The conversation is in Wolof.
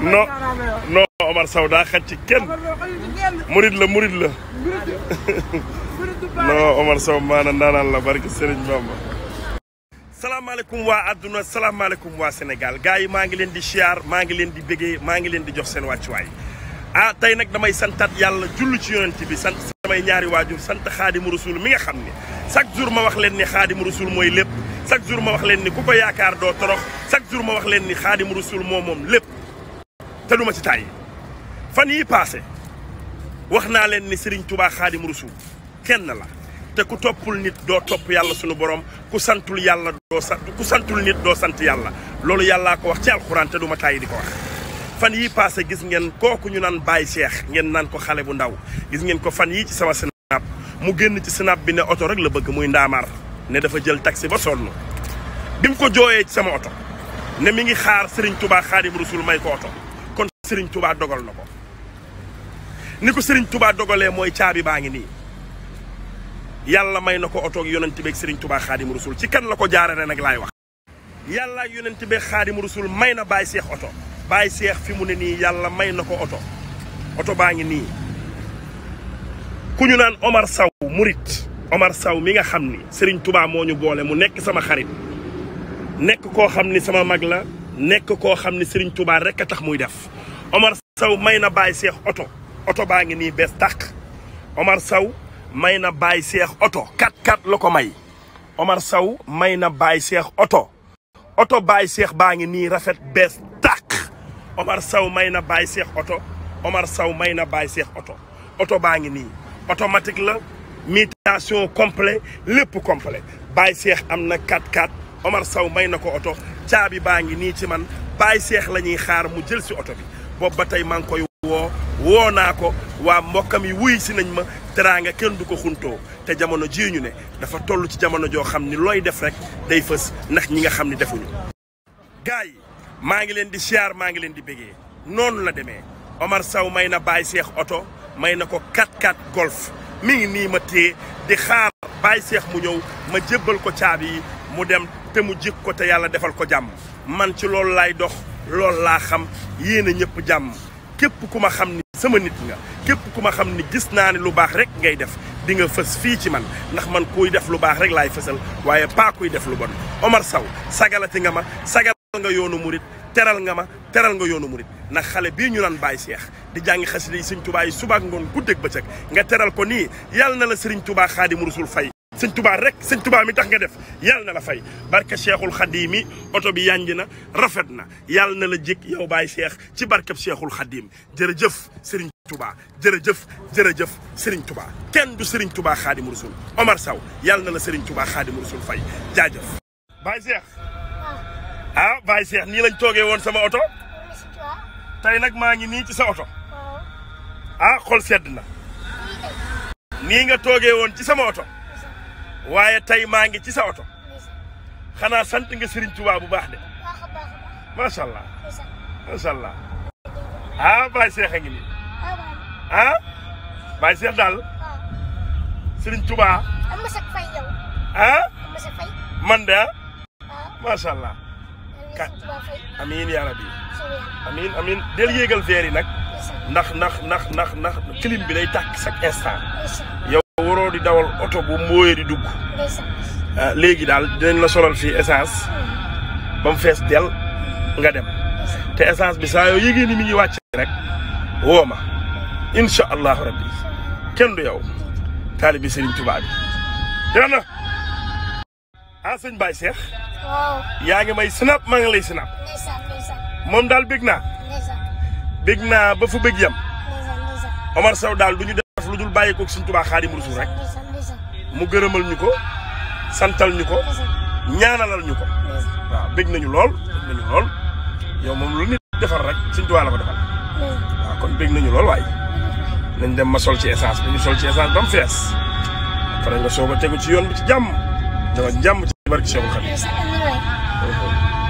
non non Omar Sow daa xaj ci kenn murit la murit la non Omar Sow maanaam ndaanaan la barki Serigne Bamba salaamaaleykum waa àdduna salaamaaleykum waa Sénégal gars yi maa ngi leen di siyaar maa ngi leen di bégee maa ngi leen di jox seen wàccuwaay ah tey nag damay santaat yàlla jullu ci yonent bi sant samay ñaari waajur sant xaadimu rasul mi nga xam ne chaque jour ma wax leen ni xaadim rasul mooy lépp chaque jour ma wax leen ni ku ko yaakaar doo torox chaque jour ma wax leen ni xaadim rasul moo moom lépp te duma ci tay fan yi paase wax naa leen ni Serigne Touba xaadim rasul kenn la te ku toppul nit doo topp yàlla sunu borom ku santul yàlla doo sant ku santul nit doo sant yàlla loolu yàllaa ko wax ci alxuraan te duma tàyyi di ko wax fan yi paase gis ngeen kooku ñu naan Baye Cheikh ngeen naan ko xale bu ndaw gis ngeen ko fan yi sama mu génn ci snap bi ne oto rek la bëgg muy ndaamaar ne dafa jël taxi ba sonn bi mu ko jooyee ci sama oto ne mi ngi xaar Serigne tubaa Xaadim Rasul may ko oto kon Serigne tubaa dogal na ko ni ko Serigne tubaa dogalee mooy caabi baa ngi nii yàlla may na ko oto ak yonent beeg Serigne Touba Xaadim ci kan la ko jaarale nag laay wax. yàlla ak yonent beeg Xaadim Rasul may na Baye Cheikh oto Baye Cheikh fi mu ne nii yàlla may na ko oto oto baa ngi nii ku ñu naan Omar Saw murit Omar saw mi nga xam ni Serigne Touba moo ñu boole mu nekk sama xarit nekk koo xam ni sama mag la nekk koo xam ni Serigne Touba rekk a tax muy def Omar Sow may na Baye Cheikh oto oto baa ngi nii bees tàq Omar Sow may na Baye Cheikh oto 4-4 la ko may Omar Sow may na Baye Cheikh oto oto Baye Cheikh baa ngi nii rafet bees tàq Omar Sow may na Baye Cheikh oto Omar saw may na Baye Cheikh oto oto baa ngi nii automatique la. mutation complet lépp complet Baye Cheikh am na 4-4 Omar saw may na ko oto caabi baa ngi nii ci man Baye Cheikh la ñuy xaar mu jël si oto bi boobu ba tey maa ngi koy woo woo naa ko waa mbokkam yi wuy si nañ ma teraanga kenn du ko xuntoo te jamono jii ñu ne dafa toll ci jamono joo xam ni looy def rek day fës ndax ñi nga xam ni defuñu gars yi maa ngi leen di siyaar maa ngi leen di bégee noonu la demee Omar saw may na Baye Cheikh oto may na ko 4-4 golf mi ngi nii ma téye di xaar baay seex mu ñëw ma jébbal ko caabi yi mu dem te mu jik ko te yàlla defal ko jàmm man ci loolu laay dox loolu laa xam yéen a ñëpp jàmm képp ku ma xam ni sama nit nga képp ku ma xam ni gis naa ne lu baax rek ngay def di nga fës fii ci man ndax man kuy def lu baax rek laay fësal waaye pas kuy def lu bon Omar Sow sagalati nga ma sagal nga yoonu murit teral nga ma teral nga yoonu murit ndax xale bii ñu naan Baye Cheikh di jàngi xasida yi sëñ Tubaa yi subaak ngoon guddeeg bëccëg nga teral ko nii yàlla na la sëriñ Tubaa Xaadimu Rasuul fay sëñ Tubaa rek sëñ Tubaa mi tax nga def yàlla na la fay barke Cheikhul Khadim mi oto bi yanj na rafet na yàlla na la jik yow Baye Cheikh ci barkeb Cheikhul Khadim jërëjëf sëriñ Tubaa jërëjëf jërëjëf sëriñ Tubaa kenn du sëriñ Tubaa mu Rasuul Omar Sow yàlla na la sëriñ Tubaa Xaadimu Rasuul fay jaajëf ah Baye Cheikh nii lañ toogee woon sama oto tey nag maa ngi nii ci sa oto ah xol sedd na nii nga toogee woon ci sama oto waaye tey maa ngi ci sa oto xanaa sant nga Serigne Touba bu baax de macha allah macha allah ah Baye Cheikh a ngi nii ah Baye Cheikh daal Serigne Touba ah man de ah, ah. macha allah. ka amiin yaa rabbi amiin amiin del yéegal veer yi nag ndax ndax ndax ndax ndax bi day takk sak instant yow waroo di dawal oto bu mooyee di dugg ah, léegi daal dinañ la solal fii essence ba fees del nga dem te essence bi saa yoo yégée mi ngi wàcc rek woo ma incha allahu rabbi kenn du yow taalibi Serigne Touba bi yaa na ah sëñ Baye yaa ngi may snap maa ngi lay snap. moom daal bég naa. bég naa ba fu bég yam. Omar Sow daal du ñu def lu dul bàyyi ko Sëñ Tuubaa Xaadimu Rasuul rek. mu gërëmal ñu ko santal ñu ko ñaanalal ñu ko. waaw bég nañu lool bég moom lu nit defal rek Sëñ Tuubaa la ko defal. waaw kon bég nañu lool waaye. nañ dem ma sol ci essence dañu sol ci essence ba mu fees. après nga soog tegu ci yoon bi ci jàmm. dama jàmm barke Cheikhul Khadim